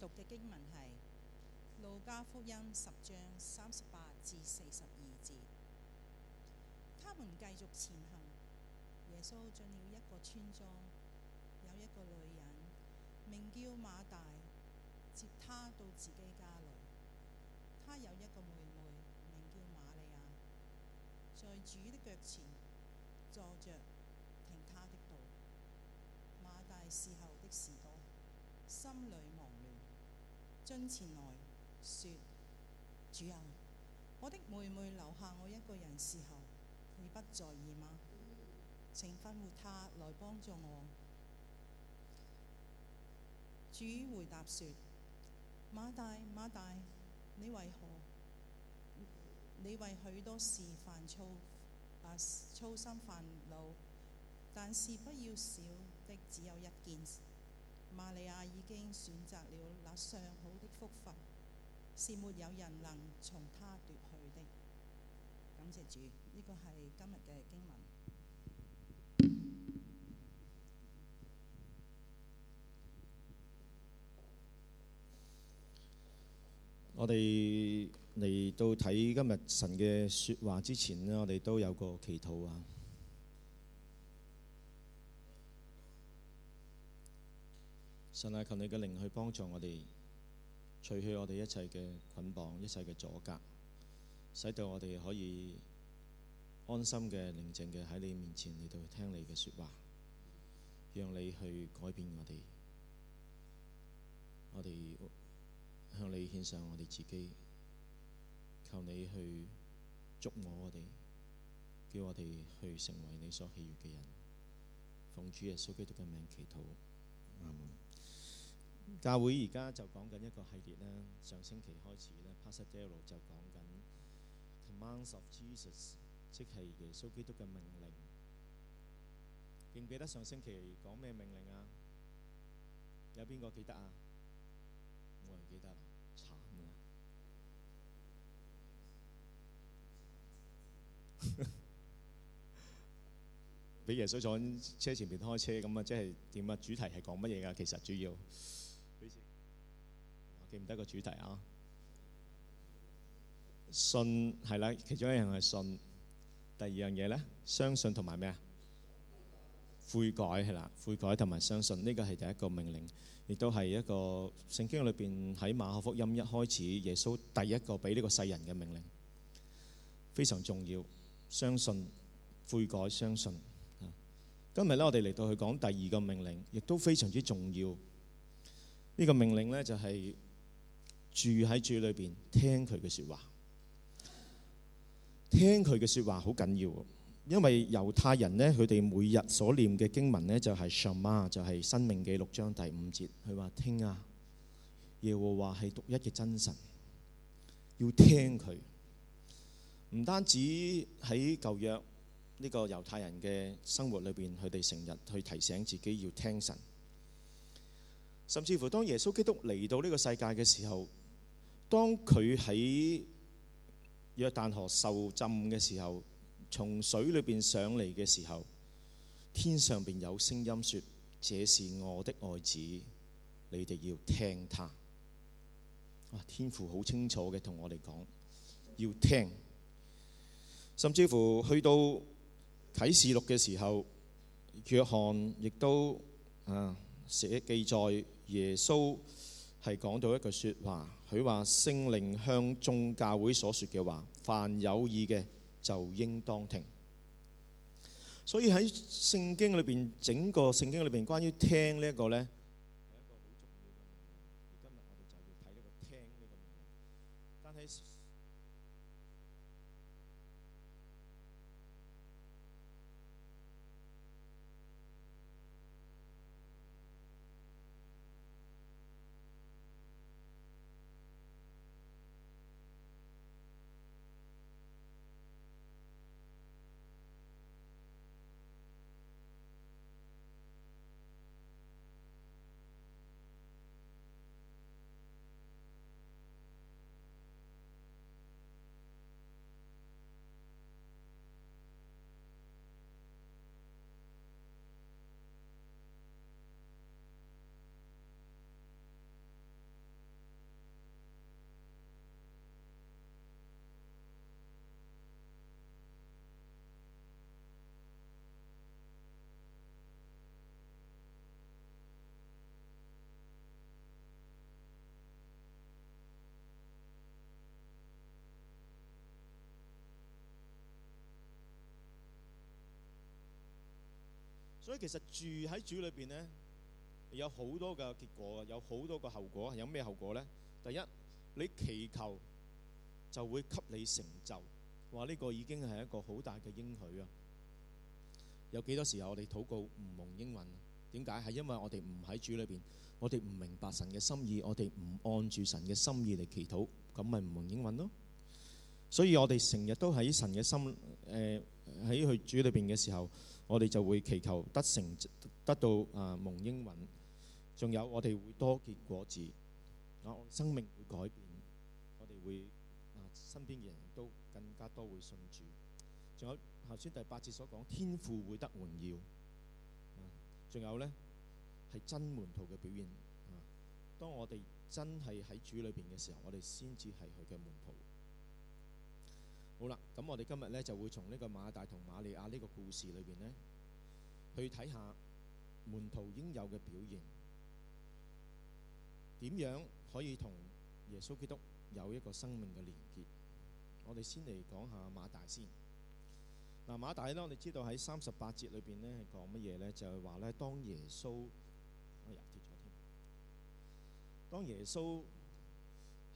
讀嘅經文係《路加福音》十章三十八至四十二節。他們繼續前行，耶穌進了一個村莊，有一個女人名叫馬大，接他到自己家裏。她有一個妹妹名叫瑪利亞，在主的腳前坐着聽他的道。馬大伺候的事多，心裏忙。將前來說，主人啊，我的妹妹留下我一個人侍候，你不在意嗎？請吩咐她來幫助我。主回答說：馬大，馬大，你為何你為許多事煩躁啊操心煩惱？但是不要少的只有一件事。瑪利亞已經選擇了那上好的福分，是沒有，有人能從她奪去的。感謝主，呢個係今日嘅經文。我哋嚟到睇今日神嘅説話之前咧，我哋都有個祈禱啊。神啊，求你嘅靈去幫助我哋，除去我哋一切嘅捆綁、一切嘅阻隔，使到我哋可以安心嘅、寧靜嘅喺你面前嚟到聽你嘅說話，讓你去改變我哋。我哋向你獻上我哋自己，求你去捉我，我，我哋叫我哋去成為你所喜悅嘅人。奉主耶穌基督嘅名，祈禱，阿門。教會而家就講緊一個系列啦。上星期開始咧 Pastor Dale 就講緊 Commands of Jesus，即係耶穌基督嘅命令。記唔記得上星期講咩命令啊？有邊個記得啊？冇人記得，慘啦慘、啊！俾 耶穌坐喺車前面開車咁啊，即係點啊？主題係講乜嘢啊？其實主要。記唔得個主題啊？信係啦，其中一樣係信。第二樣嘢咧，相信同埋咩啊？悔改係啦，悔改同埋相信呢個係第一個命令，亦都係一個聖經裏邊喺馬可福音一開始，耶穌第一個俾呢個世人嘅命令，非常重要。相信悔改，相信。今日咧，我哋嚟到去講第二個命令，亦都非常之重要。呢個命令咧就係。住喺住裏邊，聽佢嘅說話，聽佢嘅說話好緊要，因為猶太人呢，佢哋每日所念嘅經文呢，就係 Shema，就係《申命記》六章第五節，佢話，聽啊，耶和華係獨一嘅真神，要聽佢。唔單止喺舊約呢個猶太人嘅生活裏邊，佢哋成日去提醒自己要聽神，甚至乎當耶穌基督嚟到呢個世界嘅時候。當佢喺約旦河受浸嘅時候，從水裏邊上嚟嘅時候，天上邊有聲音說：這是我的愛子，你哋要聽他。天父好清楚嘅同我哋講，要聽。甚至乎去到啟示錄嘅時候，約翰亦都啊寫記載耶穌。係講到一句説話，佢話聖靈向眾教會所說嘅話，凡有意嘅就應當聽。所以喺聖經裏邊，整個聖經裏邊關於聽呢一個咧。所以其實住喺主裏邊呢，有好多嘅結果啊，有好多個後果啊。有咩後果呢？第一，你祈求就會給你成就。話呢個已經係一個好大嘅應許啊！有幾多時候我哋禱告唔蒙應允？點解？係因為我哋唔喺主裏邊，我哋唔明白神嘅心意，我哋唔按住神嘅心意嚟祈禱，咁咪唔蒙應允咯。所以我哋成日都喺神嘅心，誒喺去主裏邊嘅時候，我哋就會祈求得成、得到啊，蒙應允。仲有我哋會多結果子啊，我生命會改變，我哋會啊，身邊嘅人都更加多會信主。仲有頭先第八節所講，天父會得榮耀啊，仲有咧，係真門徒嘅表現啊。當我哋真係喺主裏邊嘅時候，我哋先至係佢嘅門徒。好啦，咁我哋今日咧就會從呢個馬大同馬利亞呢個故事裏邊咧，去睇下門徒應有嘅表現，點樣可以同耶穌基督有一個生命嘅連結。我哋先嚟講下馬大先。嗱，馬大咧，我哋知道喺三十八節裏邊咧係講乜嘢咧？就係話咧，當耶穌，哎呀跌咗添，當耶穌。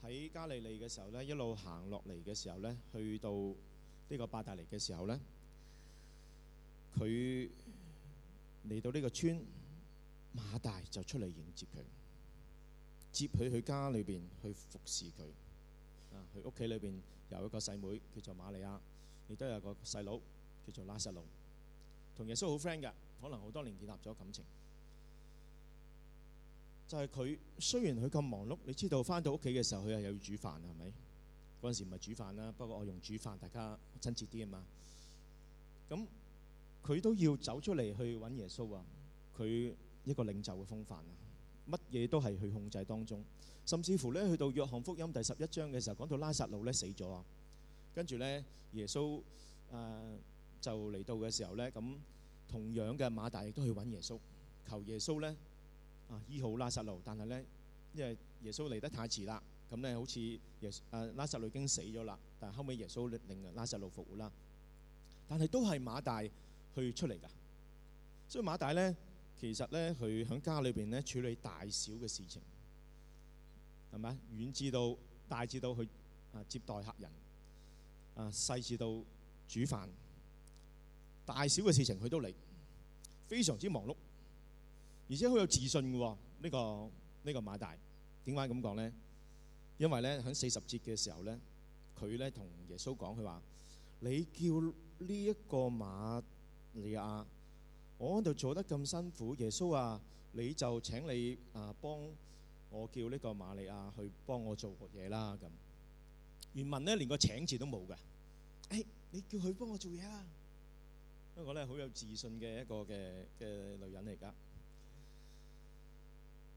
喺加利利嘅時候咧，一路行落嚟嘅時候咧，去到呢個伯大尼嘅時候咧，佢嚟到呢個村，馬大就出嚟迎接佢，接佢去家裏邊去服侍佢。啊，佢屋企裏邊有一個細妹,妹叫做瑪利亞，亦都有個細佬叫做拉撒路，同耶穌好 friend 嘅，可能好多年建立咗感情。但係佢雖然佢咁忙碌，你知道翻到屋企嘅時候，佢係又要煮飯啊，係咪？嗰陣時唔係煮飯啦，不過我用煮飯，大家親切啲啊嘛。咁佢都要走出嚟去揾耶穌啊！佢一個領袖嘅風範，乜嘢都係去控制當中。甚至乎咧，去到約翰福音第十一章嘅時候，講到拉撒路咧死咗，跟住咧耶穌誒就嚟到嘅時候咧，咁同樣嘅馬大亦都去揾耶穌，求耶穌咧。啊，醫好拉撒路，但係咧，因為耶穌嚟得太遲啦，咁咧好似耶啊拉撒路已經死咗啦，但係後尾耶穌令拉撒路復活啦，但係都係馬大去出嚟噶，所以馬大咧其實咧佢喺家裏邊咧處理大小嘅事情，係咪啊？遠至到大至到去啊接待客人，啊細至到煮飯，大小嘅事情佢都嚟，非常之忙碌。而且好有自信嘅呢，呢個呢，呢個馬大點解咁講咧？因為咧喺四十節嘅時候咧，佢咧同耶穌講，佢話你叫呢一個馬利亞，我喺度做得咁辛苦。耶穌啊，你就請你啊幫我叫呢個馬利亞去幫我做個嘢啦。咁原文咧連個請字都冇嘅。誒、哎，你叫佢幫我做嘢啦。不過咧好有自信嘅一個嘅嘅女人嚟噶。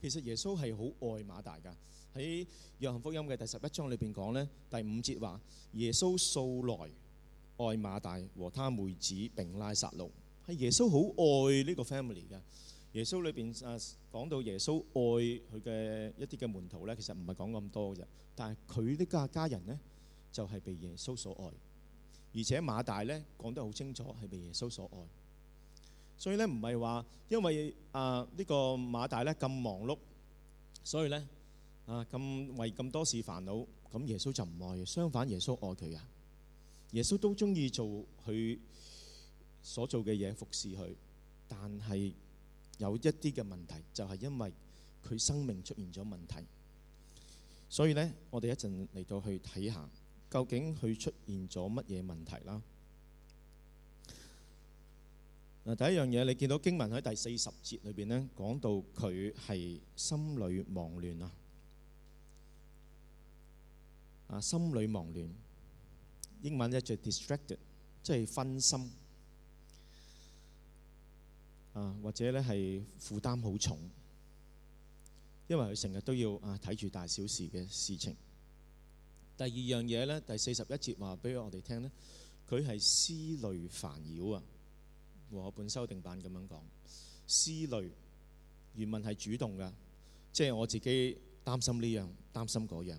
其實耶穌係好愛馬大㗎，喺《約翰福音》嘅第十一章裏邊講咧，第五節話：耶穌素來愛馬大和他妹子並拉撒路，係耶穌好愛呢個 family 嘅。耶穌裏邊啊講到耶穌愛佢嘅一啲嘅門徒咧，其實唔係講咁多嘅啫，但係佢呢家家人咧就係被耶穌所愛，而且馬大咧講得好清楚係被耶穌所愛。所以咧唔係話，因為啊呢個馬大咧咁忙碌，所以咧啊咁為咁多事煩惱，咁耶穌就唔愛。相反，耶穌愛佢啊，耶穌都中意做佢所做嘅嘢服侍佢。但係有一啲嘅問題，就係因為佢生命出現咗問題，所以咧我哋一陣嚟到去睇下究竟佢出現咗乜嘢問題啦。嗱，第一樣嘢，你見到經文喺第四十節裏邊咧，講到佢係心裏忙亂啊！啊，心裏忙亂，英文咧就 distracted，即係分心啊，或者咧係負擔好重，因為佢成日都要啊睇住大小事嘅事情。第二樣嘢咧，第四十一節話俾我哋聽咧，佢係思慮煩擾啊。和合本修訂版咁樣講，思慮原文係主動嘅，即係我自己擔心呢樣，擔心嗰樣，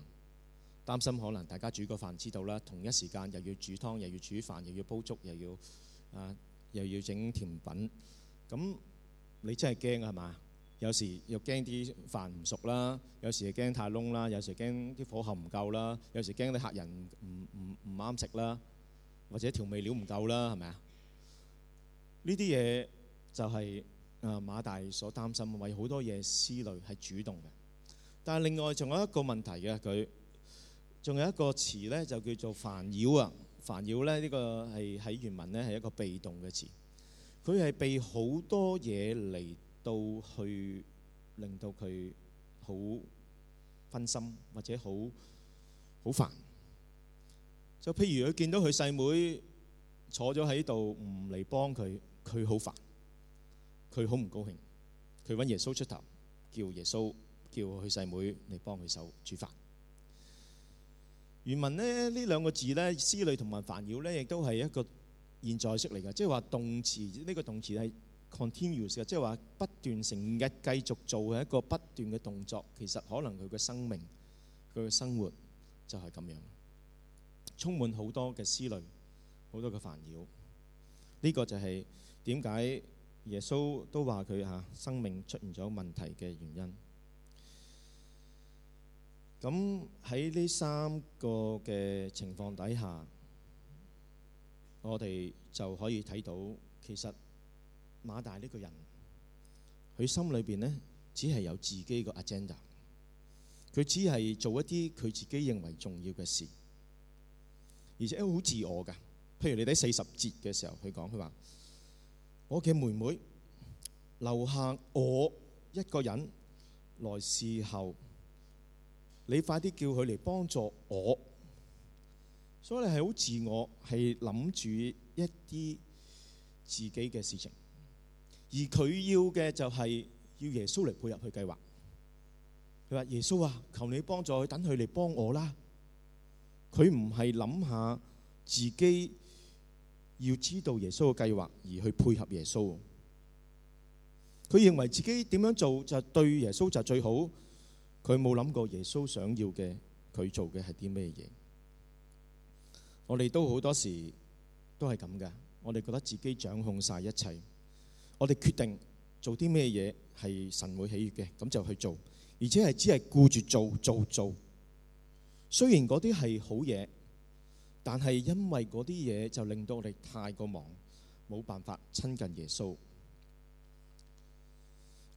擔心可能大家煮個飯知道啦。同一時間又要煮湯，又要煮飯，又要煲粥，又要啊，又要整甜品。咁你真係驚係嘛？有時又驚啲飯唔熟啦，有時又驚太燶啦，有時驚啲火候唔夠啦，有時驚啲客人唔唔唔啱食啦，或者調味料唔夠啦，係咪啊？呢啲嘢就係、是、啊、呃、馬大所擔心，為好多嘢思慮係主動嘅。但係另外仲有一個問題嘅，佢仲有一個詞咧，就叫做煩擾啊！煩擾咧，呢個係喺原文咧，係一個被動嘅詞，佢係被好多嘢嚟到去令到佢好分心或者好好煩。就譬如佢見到佢細妹坐咗喺度，唔嚟幫佢。佢好煩，佢好唔高興，佢揾耶穌出頭，叫耶穌叫佢去細妹嚟幫佢手煮飯。原文咧呢兩個字咧思慮同埋煩擾咧，亦都係一個現在式嚟嘅，即係話動詞呢、呢個動詞係 continuous 嘅，即係話不斷成日繼續做嘅一個不斷嘅動作。其實可能佢嘅生命、佢嘅生活就係咁樣，充滿好多嘅思慮，好多嘅煩擾。呢、呢個就係、係。點解耶穌都話佢嚇生命出現咗問題嘅原因？咁喺呢三個嘅情況底下，我哋就可以睇到，其實馬大呢個人佢心裏邊呢，只係有自己個 agenda，佢只係做一啲佢自己認為重要嘅事，而且好自我㗎。譬如你睇四十節嘅時候，佢講佢話。我嘅妹妹留下我一個人來侍候，你快啲叫佢嚟幫助我。所以你係好自我，係諗住一啲自己嘅事情，而佢要嘅就係要耶穌嚟配合佢計劃。佢話：耶穌啊，求你幫助佢，等佢嚟幫我啦。佢唔係諗下自己。要知道耶穌嘅計劃而去配合耶穌，佢認為自己點樣做就對耶穌就最好，佢冇諗過耶穌想要嘅佢做嘅係啲咩嘢。我哋都好多時都係咁㗎，我哋覺得自己掌控晒一切，我哋決定做啲咩嘢係神會喜悅嘅，咁就去做，而且係只係顧住做做做，雖然嗰啲係好嘢。但係因為嗰啲嘢就令到我哋太過忙，冇辦法親近耶穌。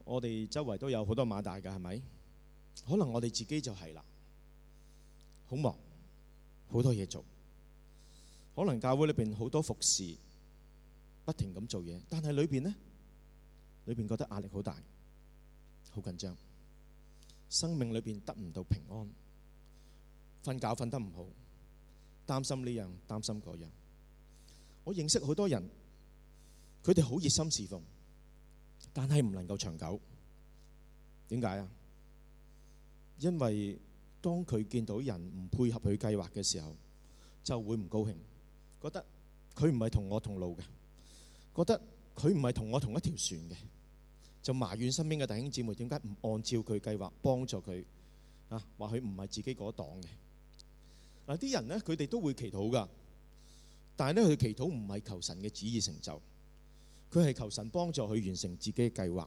我哋周圍都有好多馬大㗎，係咪？可能我哋自己就係啦，好忙，好多嘢做。可能教會裏邊好多服侍，不停咁做嘢，但係裏邊呢，裏邊覺得壓力好大，好緊張，生命裏邊得唔到平安，瞓覺瞓得唔好。擔心呢樣，擔心嗰樣，我認識好多人，佢哋好熱心侍奉，但係唔能夠長久。點解啊？因為當佢見到人唔配合佢計劃嘅時候，就會唔高興，覺得佢唔係同我同路嘅，覺得佢唔係同我同一條船嘅，就埋怨身邊嘅弟兄姊妹點解唔按照佢計劃幫助佢啊？或許唔係自己嗰檔嘅。嗱，啲人咧，佢哋都會祈禱噶，但係咧，佢祈禱唔係求神嘅旨意成就，佢係求神幫助佢完成自己嘅計劃。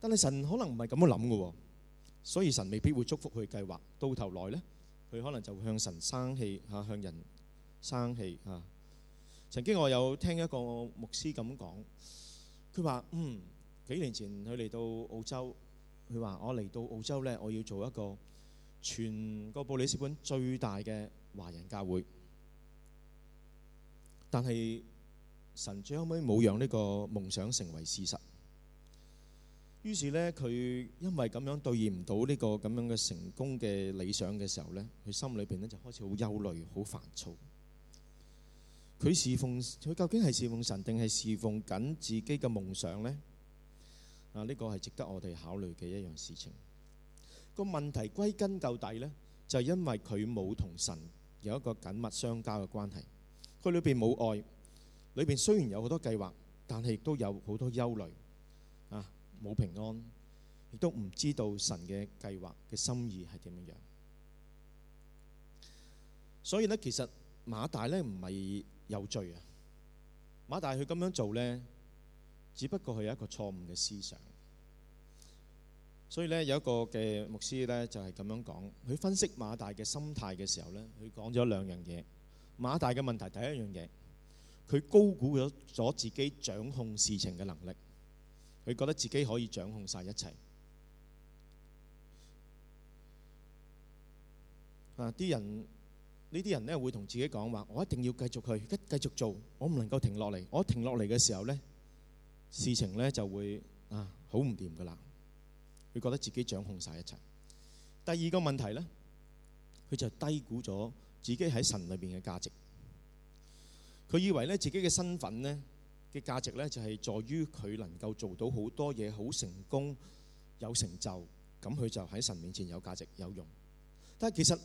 但係神可能唔係咁樣諗嘅，所以神未必會祝福佢計劃。到頭來咧，佢可能就向神生氣嚇，向人生氣嚇。曾經我有聽一個牧師咁講，佢話：嗯，幾年前佢嚟到澳洲，佢話我嚟到澳洲咧，我要做一個。全個布里斯本最大嘅華人教會，但係神最後尾冇讓呢個夢想成為事實。於是咧，佢因為咁樣兌現唔到呢個咁樣嘅成功嘅理想嘅時候咧，佢心裏邊咧就開始好憂慮、好煩躁。佢侍奉，佢究竟係侍奉神定係侍奉緊自己嘅夢想咧？啊，呢個係值得我哋考慮嘅一樣事情。個問題歸根究底呢，就係因為佢冇同神有一個緊密相交嘅關係，佢裏邊冇愛，裏邊雖然有好多計劃，但係亦都有好多憂慮，啊，冇平安，亦都唔知道神嘅計劃嘅心意係點樣。所以呢，其實馬大呢唔係有罪啊，馬大佢咁樣做呢，只不過佢有一個錯誤嘅思想。所以咧有一個嘅牧師咧就係咁樣講，佢分析馬大嘅心態嘅時候咧，佢講咗兩樣嘢。馬大嘅問題第一樣嘢，佢高估咗咗自己掌控事情嘅能力，佢覺得自己可以掌控曬一切。啊！啲人呢啲人咧會同自己講話：我一定要繼續去，一繼續做，我唔能夠停落嚟。我停落嚟嘅時候咧，事情咧就會啊好唔掂㗎啦。佢覺得自己掌控曬一切。第二個問題咧，佢就低估咗自己喺神裏邊嘅價值。佢以為咧自己嘅身份咧嘅價值咧就係在於佢能夠做到好多嘢，好成功，有成就，咁佢就喺神面前有價值，有用。但係其實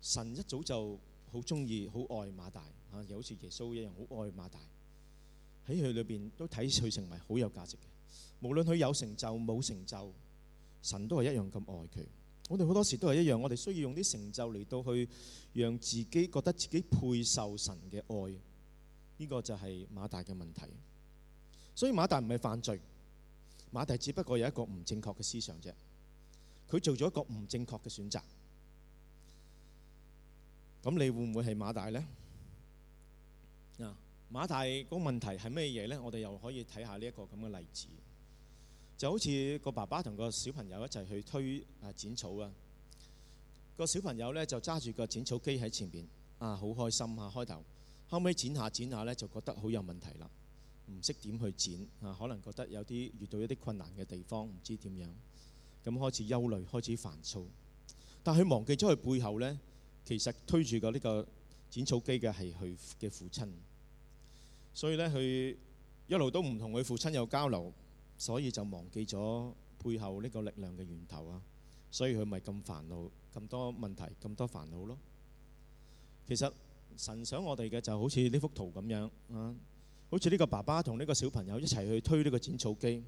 神一早就好鍾意好愛馬大啊，又好似耶穌一樣好愛馬大。喺佢裏邊都睇佢成為好有價值嘅，無論佢有成就冇成就。神都係一樣咁愛佢，我哋好多時都係一樣，我哋需要用啲成就嚟到去讓自己覺得自己配受神嘅愛，呢個就係馬大嘅問題。所以馬大唔係犯罪，馬大只不過有一個唔正確嘅思想啫，佢做咗一個唔正確嘅選擇。咁你會唔會係馬大呢？啊，馬大個問題係咩嘢呢？我哋又可以睇下呢一個咁嘅例子。就好似個爸爸同個小朋友一齊去推啊剪草啊，個小朋友呢，就揸住個剪草機喺前邊，啊好開心啊。開頭，後尾剪下剪下呢，就覺得好有問題啦，唔識點去剪啊，可能覺得有啲遇到一啲困難嘅地方，唔知點樣，咁、啊、開始憂慮，開始煩躁。但佢忘記咗佢背後呢，其實推住個呢個剪草機嘅係佢嘅父親，所以呢，佢一路都唔同佢父親有交流。所以就忘記咗背後呢個力量嘅源頭啊！所以佢咪咁煩惱，咁多問題，咁多煩惱咯。其實神想我哋嘅就好似呢幅圖咁樣，啊，好似呢個爸爸同呢個小朋友一齊去推呢個剪草機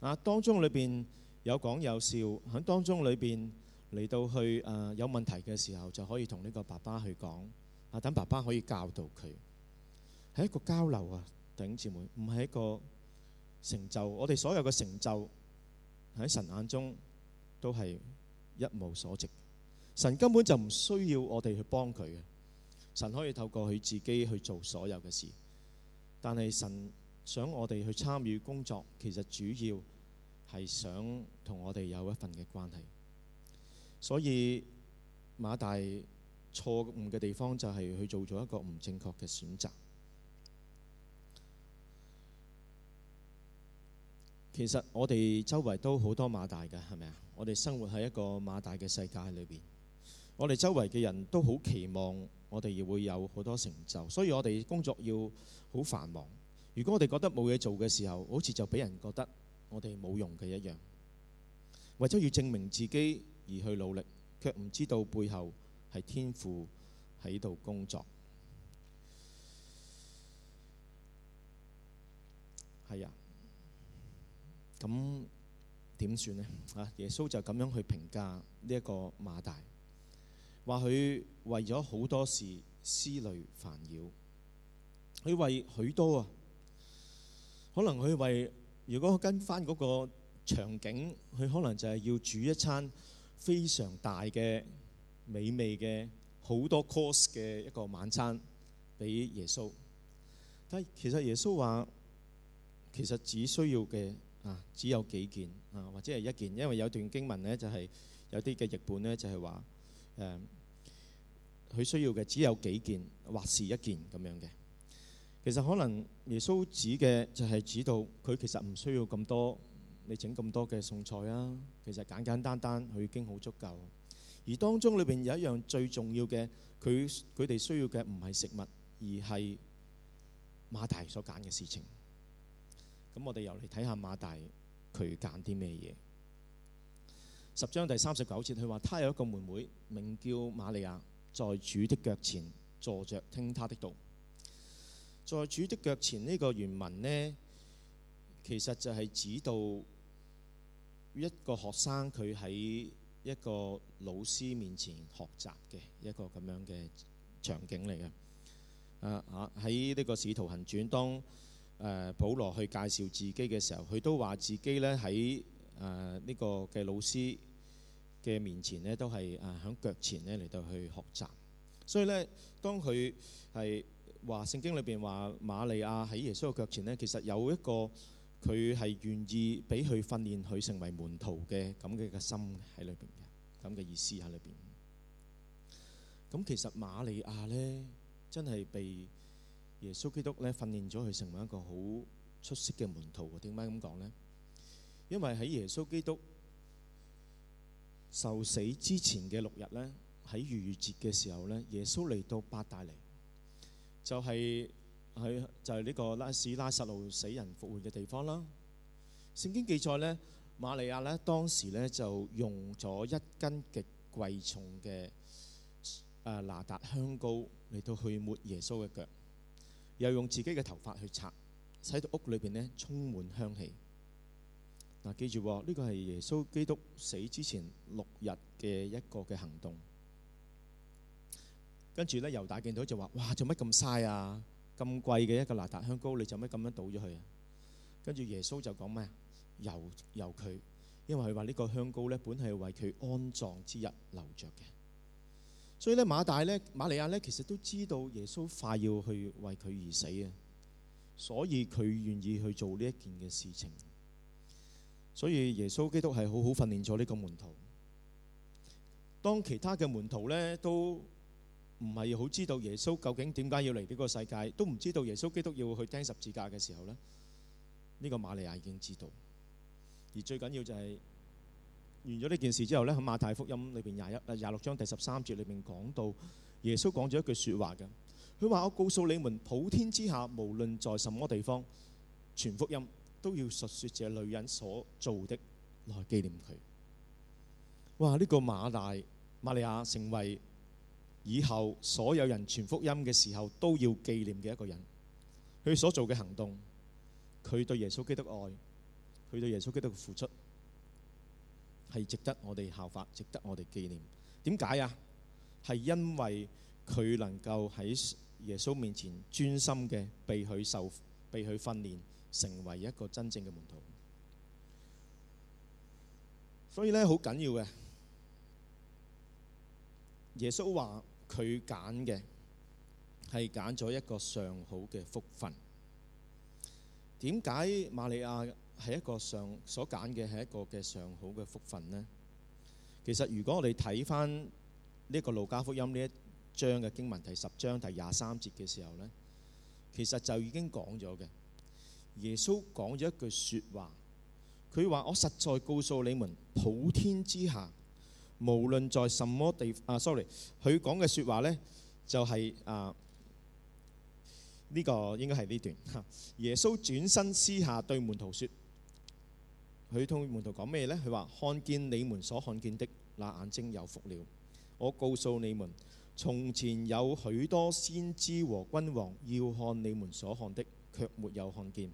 啊。當中裏邊有講有笑，喺當中裏邊嚟到去誒、啊、有問題嘅時候，就可以同呢個爸爸去講啊，等爸爸可以教導佢，係一個交流啊！弟兄姊妹，唔係一個。成就，我哋所有嘅成就喺神眼中都係一無所值。神根本就唔需要我哋去幫佢嘅，神可以透過佢自己去做所有嘅事。但係神想我哋去參與工作，其實主要係想同我哋有一份嘅關係。所以馬大錯誤嘅地方就係去做咗一個唔正確嘅選擇。其實我哋周圍都好多馬大嘅，係咪啊？我哋生活喺一個馬大嘅世界裏邊，我哋周圍嘅人都好期望我哋而會有好多成就，所以我哋工作要好繁忙。如果我哋覺得冇嘢做嘅時候，好似就俾人覺得我哋冇用嘅一樣，為咗要證明自己而去努力，卻唔知道背後係天父喺度工作。係啊。咁點算呢？啊，耶穌就咁樣去評價呢一個馬大，話佢為咗好多事思慮煩擾，佢為許多啊，可能佢為如果跟翻嗰個場景，佢可能就係要煮一餐非常大嘅美味嘅好多 course 嘅一個晚餐俾耶穌。但係其實耶穌話，其實只需要嘅。啊，只有幾件啊，或者係一件，因為有段經文咧，就係、是、有啲嘅譯本咧，就係話誒，佢、嗯、需要嘅只有幾件，或是一件咁樣嘅。其實可能耶穌指嘅就係指到佢其實唔需要咁多，你整咁多嘅餸菜啊，其實簡簡單單佢已經好足夠。而當中裏邊有一樣最重要嘅，佢佢哋需要嘅唔係食物，而係馬大所揀嘅事情。咁我哋又嚟睇下馬大佢揀啲咩嘢。十章第三十九節，佢話他有一個妹妹，名叫瑪利亞，在主的腳前坐着聽他的道。在主的腳前呢個原文呢，其實就係指到一個學生佢喺一個老師面前學習嘅一個咁樣嘅場景嚟嘅。啊，喺呢個使徒行傳當。誒，保羅去介紹自己嘅時候，佢都話自己咧喺誒呢、呃這個嘅老師嘅面前咧，都係誒喺腳前咧嚟到去學習。所以咧，當佢係話聖經裏邊話瑪利亞喺耶穌嘅腳前咧，其實有一個佢係願意俾佢訓練佢成為門徒嘅咁嘅個心喺裏邊嘅，咁嘅意思喺裏邊。咁其實瑪利亞咧，真係被。耶穌基督咧訓練咗佢成為一個好出色嘅門徒喎。點解咁講呢？因為喺耶穌基督受死之前嘅六日咧，喺逾越節嘅時候咧，耶穌嚟到伯大尼，就係、是、喺就係、是、呢個拉斯拉撒路死人復活嘅地方啦。聖經記載咧，瑪利亞咧當時咧就用咗一根極貴重嘅啊拿達香膏嚟到去抹耶穌嘅腳。又用自己嘅頭髮去擦，使到屋裏邊咧充滿香氣。嗱，記住呢個係耶穌基督死之前六日嘅一個嘅行動。跟住咧猶大見到就話：哇，做乜咁嘥啊？咁貴嘅一個拿達香膏，你做乜咁樣倒咗佢啊？跟住耶穌就講咩啊？由由佢，因為佢話呢個香膏咧本係為佢安葬之日留著嘅。所以咧，馬大咧，瑪利亞咧，其實都知道耶穌快要去為佢而死啊，所以佢願意去做呢一件嘅事情。所以耶穌基督係好好訓練咗呢個門徒。當其他嘅門徒咧都唔係好知道耶穌究竟點解要嚟呢個世界，都唔知道耶穌基督要去釘十字架嘅時候咧，呢、呢個瑪利亞已經知道。而最緊要就係。完咗呢件事之後呢，喺馬太福音裏邊廿一啊廿六章第十三節裏面講到，耶穌講咗一句說話嘅，佢話：我告訴你們，普天之下無論在什麼地方，傳福音都要述說這女人所做的，來紀念佢。哇！呢、這個馬大瑪利亞成為以後所有人傳福音嘅時候都要紀念嘅一個人，佢所做嘅行動，佢對耶穌基督愛，佢對耶穌基督嘅付出。係值得我哋效法，值得我哋紀念。點解啊？係因為佢能夠喺耶穌面前專心嘅，被佢受，被佢訓練，成為一個真正嘅門徒。所以咧，好緊要嘅。耶穌話佢揀嘅係揀咗一個上好嘅福分。點解馬利亞？係一個上所揀嘅係一個嘅上好嘅福分呢其實如果我哋睇翻呢個路加福音呢一章嘅經文，第十章第廿三節嘅時候呢，其實就已經講咗嘅。耶穌講咗一句説話，佢話：我實在告訴你們，普天之下，無論在什麼地啊，sorry，佢講嘅説話呢就係啊呢個應該係呢段。耶穌轉身私下對門徒説。佢同門徒講咩呢？佢話：看見你們所看見的，那眼睛有福了。我告訴你們，從前有許多先知和君王要看你們所看的，卻沒有看見；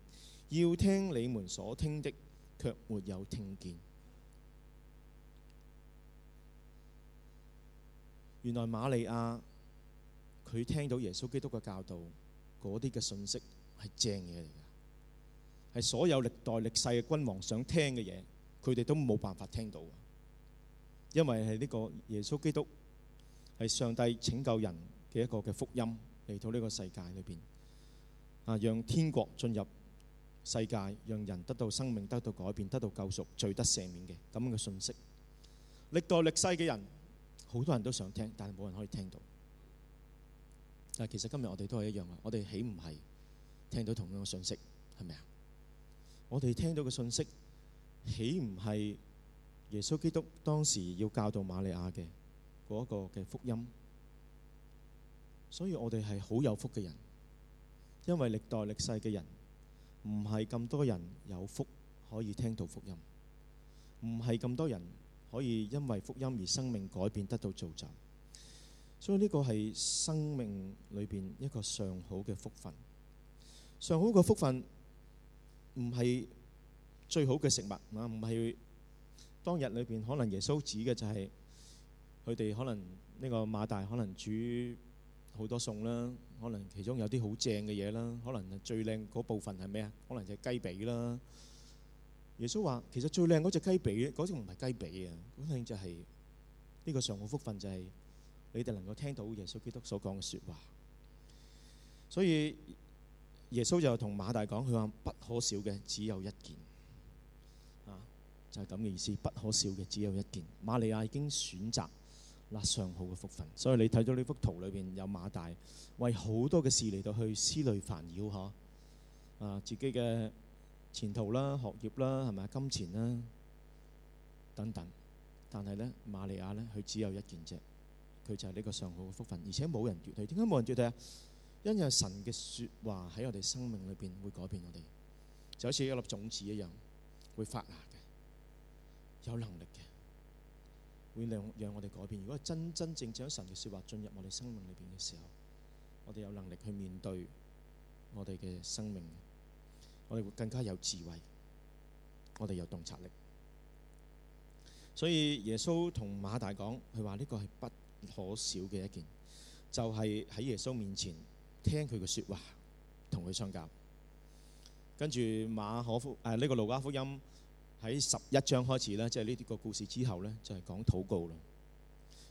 要聽你們所聽的，卻沒有聽見。原來瑪利亞佢聽到耶穌基督嘅教導，嗰啲嘅信息係正嘢嚟嘅。係所有歷代歷世嘅君王想聽嘅嘢，佢哋都冇辦法聽到，因為係呢個耶穌基督係上帝拯救人嘅一個嘅福音嚟到呢個世界裏邊啊，讓天國進入世界，讓人得到生命，得到改變，得到救贖，罪得赦免嘅咁樣嘅信息。歷代歷世嘅人好多人都想聽，但係冇人可以聽到。但係其實今日我哋都係一樣啊，我哋豈唔係聽到同樣嘅信息？係咪啊？我哋聽到嘅信息，豈唔係耶穌基督當時要教導瑪利亞嘅嗰一個嘅福音？所以我哋係好有福嘅人，因為歷代歷世嘅人唔係咁多人有福可以聽到福音，唔係咁多人可以因為福音而生命改變得到造就。所以呢個係生命裏邊一個上好嘅福分，上好嘅福分。唔係最好嘅食物啊！唔係當日裏邊可能耶穌指嘅就係佢哋可能呢個馬大可能煮好多餸啦，可能其中有啲好正嘅嘢啦，可能最靚嗰部分係咩啊？可能就係雞髀啦。耶穌話：其實最靚嗰隻雞髀嗰隻唔係雞髀啊！咁樣就係呢個上好福分就係你哋能夠聽到耶穌基督所講嘅説話，所以。耶穌就同馬大講：佢話不可少嘅只有一件，啊、就係咁嘅意思。不可少嘅只有一件。瑪利亞已經選擇那上好嘅福分，所以你睇到呢幅圖裏邊有馬大為好多嘅事嚟到去思慮煩擾呵，自己嘅前途啦、學業啦、係咪金錢啦等等，但係呢，瑪利亞呢，佢只有一件啫，佢就係呢個上好嘅福分，而且冇人奪佢。點解冇人奪佢啊？因為神嘅說話喺我哋生命裏邊會改變我哋，就好似一粒種子一樣，會發芽嘅，有能力嘅，會令讓我哋改變。如果真真正正神嘅說話進入我哋生命裏邊嘅時候，我哋有能力去面對我哋嘅生命，我哋會更加有智慧，我哋有洞察力。所以耶穌同馬大講，佢話呢個係不可少嘅一件，就係、是、喺耶穌面前。聽佢嘅說話，同佢相交，跟住馬可福誒呢、這個路加福音喺十一章開始呢，即係呢啲個故事之後呢，就係、是、講禱告啦。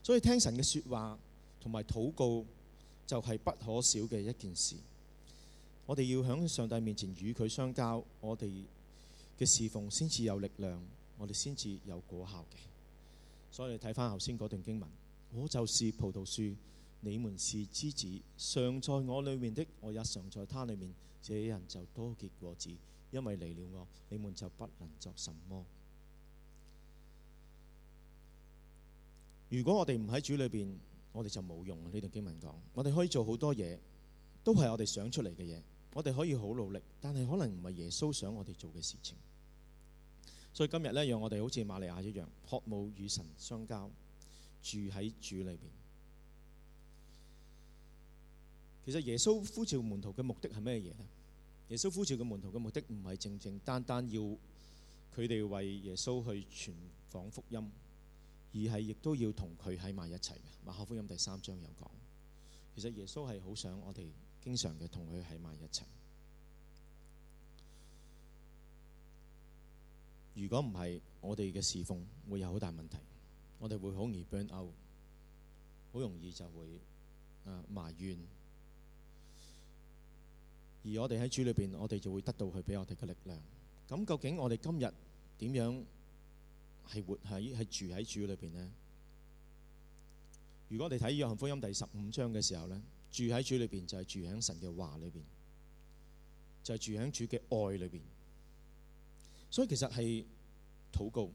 所以聽神嘅說話同埋禱告就係、是、不可少嘅一件事。我哋要響上帝面前與佢相交，我哋嘅侍奉先至有力量，我哋先至有果效嘅。所以睇翻頭先嗰段經文，我就是葡萄樹。你們是枝子，常在我裏面的，我也常在他裏面。這人就多結果子，因為離了我，你們就不能作什麼。如果我哋唔喺主裏邊，我哋就冇用。呢段經文講，我哋可以做好多嘢，都係我哋想出嚟嘅嘢。我哋可以好努力，但係可能唔係耶穌想我哋做嘅事情。所以今日咧，讓我哋好似瑪利亞一樣，渴慕與神相交，住喺主裏邊。其實耶穌呼召門徒嘅目的係咩嘢呢？耶穌呼召嘅門徒嘅目的唔係正正單單單要佢哋為耶穌去傳講福音，而係亦都要同佢喺埋一齊嘅。馬可福音第三章有講，其實耶穌係好想我哋經常嘅同佢喺埋一齊。如果唔係，我哋嘅侍奉會有好大問題，我哋會好易 burn out，好容易就會誒、啊、埋怨。而我哋喺主裏邊，我哋就會得到佢俾我哋嘅力量。咁究竟我哋今日點樣係活喺係住喺主裏邊咧？如果我哋睇《約翰福音》第十五章嘅時候咧，住喺主裏邊就係住喺神嘅話裏邊，就係住喺主嘅愛裏邊。所以其實係禱告、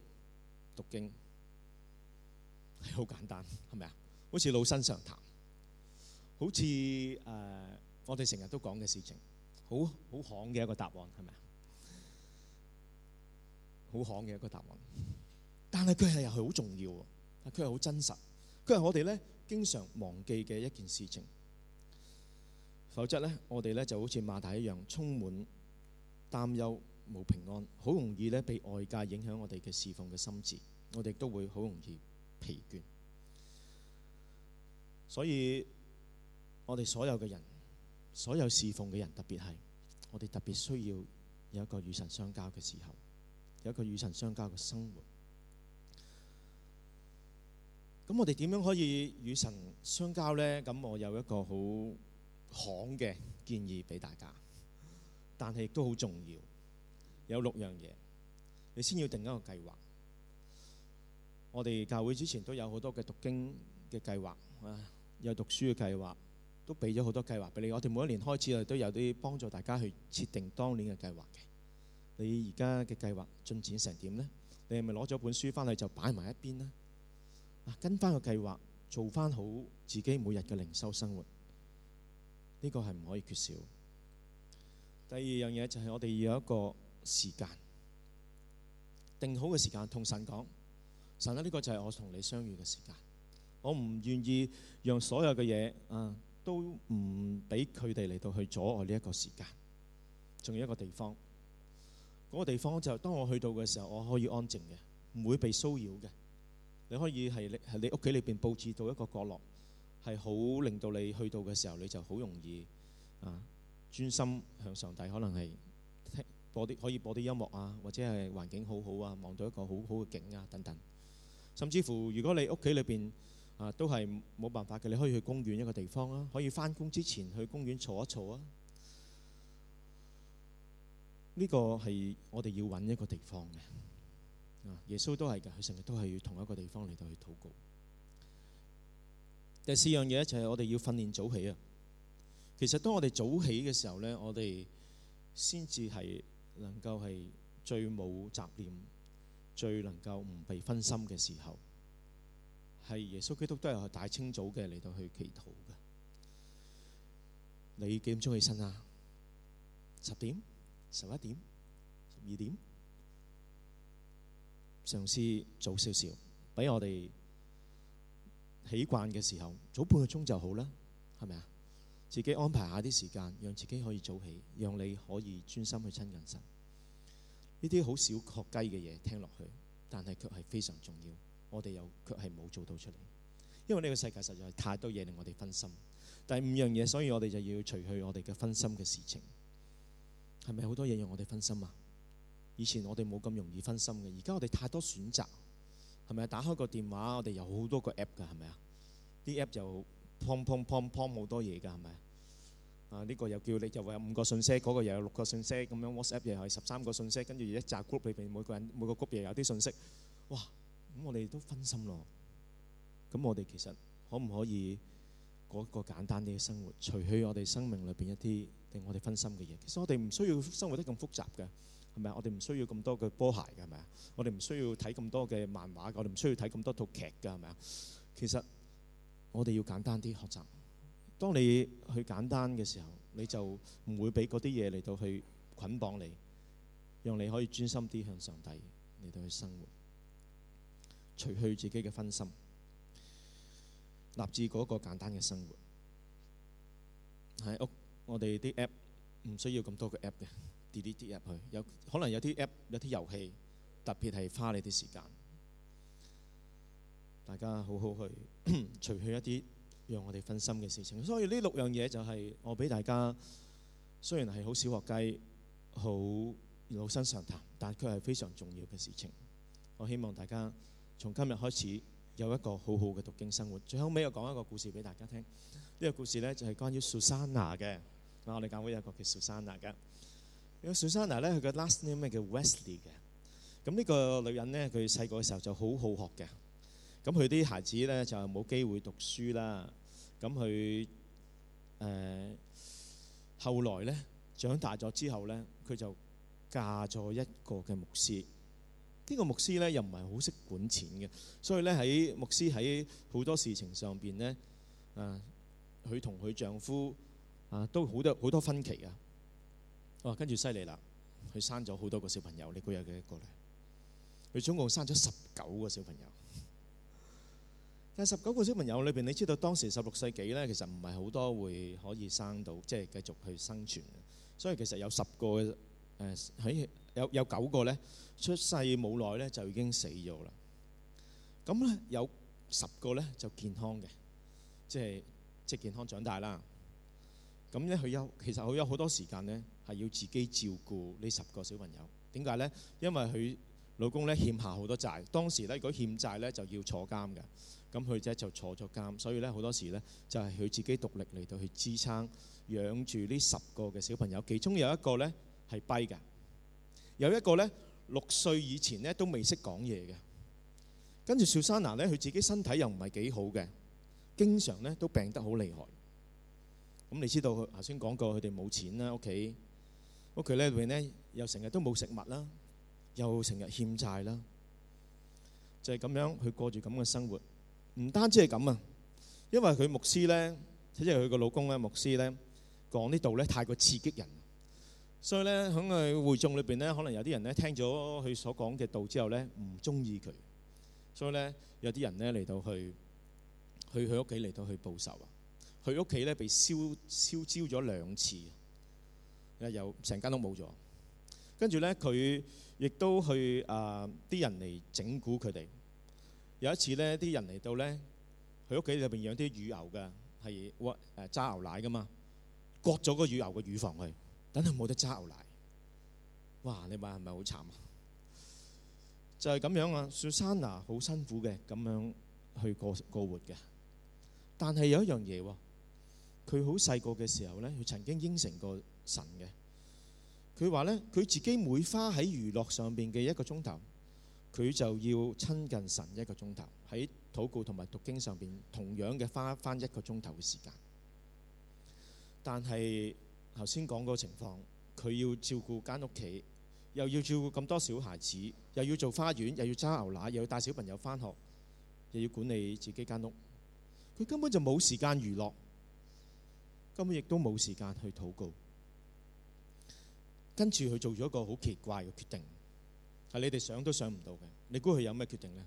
讀經係好簡單，係咪啊？好似老生常談，好似誒我哋成日都講嘅事情。好好巷嘅一個答案係咪啊？好巷嘅一個答案，但係佢係又係好重要，佢係好真實，佢係我哋咧經常忘記嘅一件事情。否則咧，我哋咧就好似馬大一樣，充滿擔憂，冇平安，好容易咧被外界影響我哋嘅侍奉嘅心志。我哋都會好容易疲倦。所以我哋所有嘅人。所有侍奉嘅人，特別係我哋特別需要有一個與神相交嘅時候，有一個與神相交嘅生活。咁我哋點樣可以與神相交咧？咁我有一個好行嘅建議俾大家，但係都好重要。有六樣嘢，你先要定一個計劃。我哋教會之前都有好多嘅讀經嘅計劃，啊，有讀書嘅計劃。都俾咗好多計劃俾你，我哋每一年開始我哋都有啲幫助大家去設定當年嘅計劃嘅。你而家嘅計劃進展成點呢？你係咪攞咗本書翻去，就擺埋一邊呢？啊、跟翻個計劃，做翻好自己每日嘅零修靈修生活，呢、呢個係唔可以缺少。第二樣嘢就係我哋要有一個時間，定好嘅時間同神講，神呢、啊呢個就係我同你相遇嘅時間，我唔願意讓所有嘅嘢啊～都唔俾佢哋嚟到去阻礙呢一個時間。仲有一個地方，嗰個地方就當我去到嘅時候，我可以安靜嘅，唔會被騷擾嘅。你可以係你係你屋企裏邊佈置到一個角落，係好令到你去到嘅時候，你就好容易啊專心向上帝。可能係聽播啲可以播啲音樂啊，或者係環境好好啊，望到一個好好嘅景啊等等。甚至乎，如果你屋企裏邊，啊，都係冇辦法嘅。你可以去公園一個地方啦，可以返工之前去公園坐一坐啊。呢個係我哋要搵一個地方嘅。啊，耶穌都係㗎，佢成日都係要同一個地方嚟到去禱告。第四樣嘢就係我哋要訓練早起啊。其實當我哋早起嘅時候咧，我哋先至係能夠係最冇雜念、最能夠唔被分心嘅時候。係耶穌基督都係去大清早嘅嚟到去祈禱㗎。你幾點鐘起身啊？十點、十一點、十二點，嘗試早少少，俾我哋起慣嘅時候，早半個鐘就好啦，係咪啊？自己安排下啲時間，讓自己可以早起，讓你可以專心去親近神。呢啲好少學雞嘅嘢聽落去，但係卻係非常重要。我哋又卻係冇做到出嚟，因為呢個世界實在係太多嘢令我哋分心。第五樣嘢，所以我哋就要除去我哋嘅分心嘅事情。係咪好多嘢讓我哋分心啊？以前我哋冇咁容易分心嘅，而家我哋太多選擇係咪？打開個電話，我哋有好多個 app 㗎，係咪啊？啲 app 就 pong pong pong pong 好多嘢㗎，係咪啊？呢個又叫你又話有五個信息，嗰個又有六個信息咁樣。WhatsApp 又係十三個信息，跟住一集 group 裏邊每個人每個 group 又有啲信息，哇！咁我哋都分心咯。咁我哋其實可唔可以嗰個簡單啲嘅生活，除去我哋生命裏邊一啲令我哋分心嘅嘢？其實我哋唔需要生活得咁複雜嘅，係咪啊？我哋唔需要咁多嘅波鞋，係咪啊？我哋唔需要睇咁多嘅漫畫，我哋唔需要睇咁多套劇，噶係咪啊？其實我哋要簡單啲學習。當你去簡單嘅時候，你就唔會俾嗰啲嘢嚟到去捆綁你，讓你可以專心啲向上帝嚟到去生活。除去自己嘅分心，立志嗰個簡單嘅生活喺屋。我哋啲 app 唔需要咁多個 app 嘅，delete 掉入去。有可能有啲 app 有啲遊戲，特別係花你啲時間，大家好好去除去一啲讓我哋分心嘅事情。所以呢六樣嘢就係我俾大家，雖然係好小學雞，好老生常談，但佢係非常重要嘅事情。我希望大家。從今日開始有一個好好嘅讀經生活。最後尾又講一個故事俾大家聽。呢個故事咧就係關於 Susanna 嘅。嗱，我哋教會有一個叫 Susanna 嘅。呢個 Susanna 咧，佢嘅 last name 咩叫 Wesley 嘅。咁呢個女人咧，佢細個嘅時候就好好學嘅。咁佢啲孩子咧就冇機會讀書啦。咁佢誒後來咧長大咗之後咧，佢就嫁咗一個嘅牧師。呢個牧師咧又唔係好識管錢嘅，所以咧喺牧師喺好多事情上邊咧，啊，佢同佢丈夫啊都好多好多分歧㗎。哦，跟住犀利啦，佢生咗好多個小朋友，你估有幾多個咧？佢總共生咗十九個小朋友，但係十九個小朋友裏邊，你知道當時十六世紀咧，其實唔係好多會可以生到，即係繼續去生存嘅。所以其實有十個誒喺。有有九個咧出世冇耐咧就已經死咗啦。咁咧有十個咧就健康嘅，即係即係健康長大啦。咁咧佢有其實佢有好多時間咧係要自己照顧呢十個小朋友。點解咧？因為佢老公咧欠下好多債，當時咧如果欠債咧就要坐監嘅。咁佢咧就坐咗監，所以咧好多時咧就係佢自己獨力嚟到去支撐養住呢十個嘅小朋友。其中有一個咧係跛嘅。有一個咧六歲以前咧都未識講嘢嘅，跟住小莎娜咧佢自己身體又唔係幾好嘅，經常咧都病得好厲害。咁你知道佢頭先講過佢哋冇錢啦，屋企屋企咧度咧又成日都冇食物啦，又成日欠債啦，就係咁樣佢過住咁嘅生活。唔單止係咁啊，因為佢牧師咧，即係佢個老公咧牧師咧講呢度咧太過刺激人。所以咧，響佢會眾裏邊咧，可能有啲人咧聽咗佢所講嘅道之後咧，唔中意佢，所以咧有啲人咧嚟到去去佢屋企嚟到去報仇啊！佢屋企咧被燒燒焦咗兩次，啊，又成間都冇咗。跟住咧，佢亦都去啊，呃、啲人嚟整蠱佢哋。有一次咧，啲人嚟到咧，佢屋企裏邊養啲乳牛嘅，係屈誒揸牛奶噶嘛，割咗個乳牛嘅乳房佢。等佢冇得揸牛奶，哇！你話係咪好慘啊？就係咁樣啊，Susanna 啊，好辛苦嘅咁樣去過過活嘅。但係有一樣嘢喎，佢好細個嘅時候咧，佢曾經應承過神嘅。佢話咧，佢自己每花喺娛樂上邊嘅一個鐘頭，佢就要親近神一個鐘頭，喺禱告同埋讀經上邊同樣嘅花翻一個鐘頭嘅時間。但係，頭先講個情況，佢要照顧間屋企，又要照顧咁多小孩子，又要做花園，又要揸牛奶，又要帶小朋友返學，又要管理自己間屋，佢根本就冇時間娛樂，根本亦都冇時間去禱告。跟住佢做咗一個好奇怪嘅決定，係你哋想都想唔到嘅。你估佢有咩決定呢？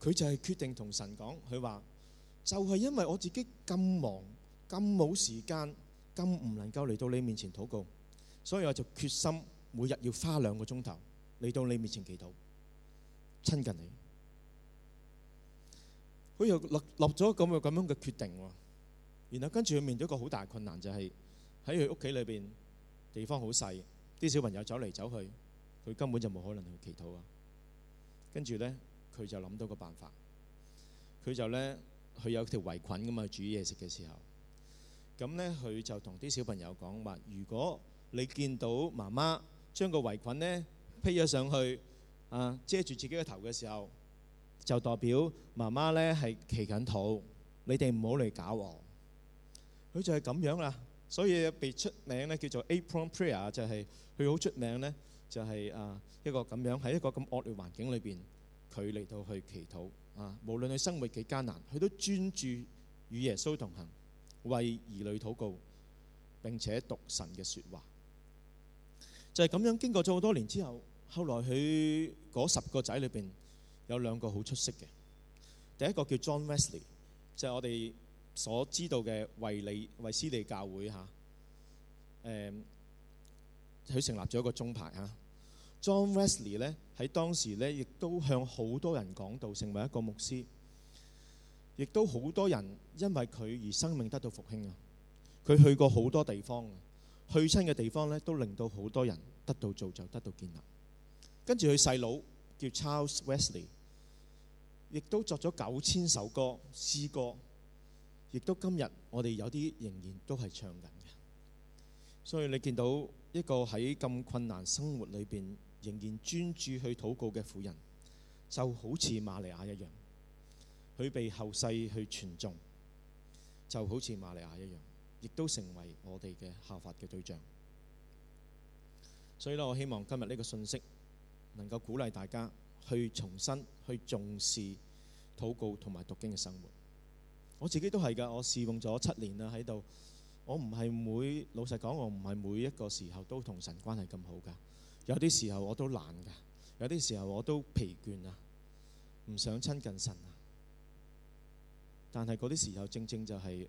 佢就係決定同神講，佢話就係因為我自己咁忙。咁冇時間，咁唔能夠嚟到你面前禱告，所以我就決心每日要花兩個鐘頭嚟到你面前祈禱，親近你。佢又立立咗咁個咁樣嘅決定喎，然後跟住佢面對個好大困難，就係喺佢屋企裏邊地方好細，啲小朋友走嚟走去，佢根本就冇可能去祈禱啊。跟住咧，佢就諗到個辦法，佢就咧佢有條圍裙㗎嘛，煮嘢食嘅時候。咁咧，佢就同啲小朋友講話，如果你見到媽媽將個圍裙咧披咗上去，啊，遮住自己嘅頭嘅時候，就代表媽媽咧係祈緊禱，你哋唔好嚟搞我。佢就係咁樣啦，所以被出名咧叫做 apron prayer，就係佢好出名咧，就係啊一個咁樣喺一個咁惡劣環境裏邊，佢嚟到去祈禱啊，無論佢生活幾艱難，佢都專注與耶穌同行。為兒女禱告，並且讀神嘅說話，就係、是、咁樣。經過咗好多年之後，後來佢嗰十個仔裏邊有兩個好出色嘅。第一個叫 John Wesley，就係我哋所知道嘅衛利衛斯利教會吓。誒、啊，佢、嗯、成立咗一個宗派吓、啊。John Wesley 咧喺當時咧亦都向好多人講道，成為一個牧師。亦都好多人因為佢而生命得到復興啊！佢去過好多地方，去親嘅地方咧，都令到好多人得到造就、得到建立。跟住佢細佬叫 Charles Wesley，亦都作咗九千首歌、詩歌，亦都今日我哋有啲仍然都係唱緊嘅。所以你見到一個喺咁困難生活裏邊仍然專注去禱告嘅婦人，就好似瑪利亞一樣。佢被後世去傳頌，就好似瑪利亞一樣，亦都成為我哋嘅效法嘅對象。所以呢，我希望今日呢個信息能夠鼓勵大家去重新去重視禱告同埋讀經嘅生活。我自己都係噶，我試用咗七年啦，喺度我唔係每老實講，我唔係每一個時候都同神關係咁好噶。有啲時候我都懶噶，有啲時候我都疲倦啊，唔想親近神啊。但係嗰啲時候，正正就係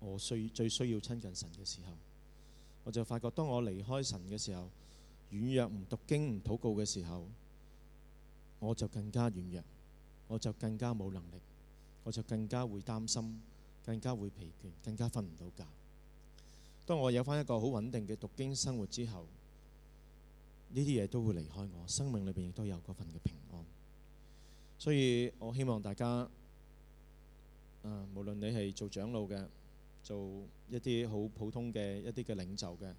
我需最需要親近神嘅時候。我就發覺，當我離開神嘅時候，軟弱唔讀經唔禱告嘅時候，我就更加軟弱，我就更加冇能力，我就更加會擔心，更加會疲倦，更加瞓唔到覺。當我有返一個好穩定嘅讀經生活之後，呢啲嘢都會離開我，生命裏邊亦都有嗰份嘅平安。所以我希望大家。啊！無論你係做長老嘅，做一啲好普通嘅一啲嘅領袖嘅，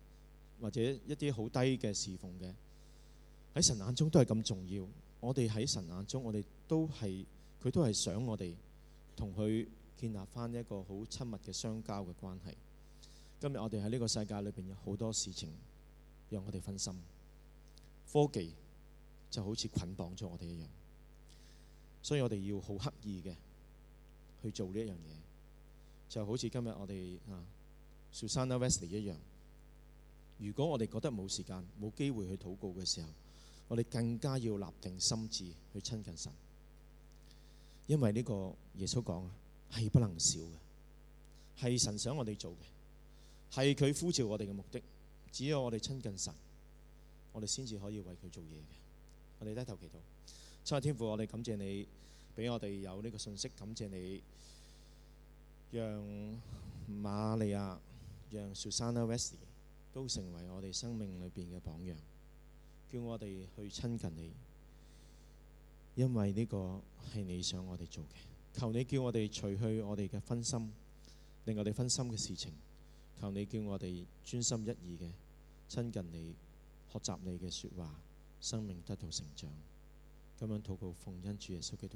或者一啲好低嘅侍奉嘅，喺神眼中都係咁重要。我哋喺神眼中，我哋都係，佢都係想我哋同佢建立翻一個好親密嘅相交嘅關係。今日我哋喺呢個世界裏邊有好多事情讓我哋分心，科技就好似捆綁咗我哋一樣，所以我哋要好刻意嘅。去做呢一樣嘢，就好似今日我哋啊 Susanna Wesley 一樣。如果我哋覺得冇時間、冇機會去禱告嘅時候，我哋更加要立定心志去親近神，因為呢個耶穌講啊，係不能少嘅，係神想我哋做嘅，係佢呼召我哋嘅目的。只有我哋親近神，我哋先至可以為佢做嘢嘅。我哋低頭祈禱，親愛天父，我哋感謝你。俾我哋有呢個信息，感謝你，讓瑪利亞、讓 Susanna Wesley 都成為我哋生命裏邊嘅榜樣，叫我哋去親近你，因為呢個係你想我哋做嘅。求你叫我哋除去我哋嘅分心，令我哋分心嘅事情。求你叫我哋專心一意嘅親近你，學習你嘅説話，生命得到成長。咁樣禱告，奉恩主耶穌基督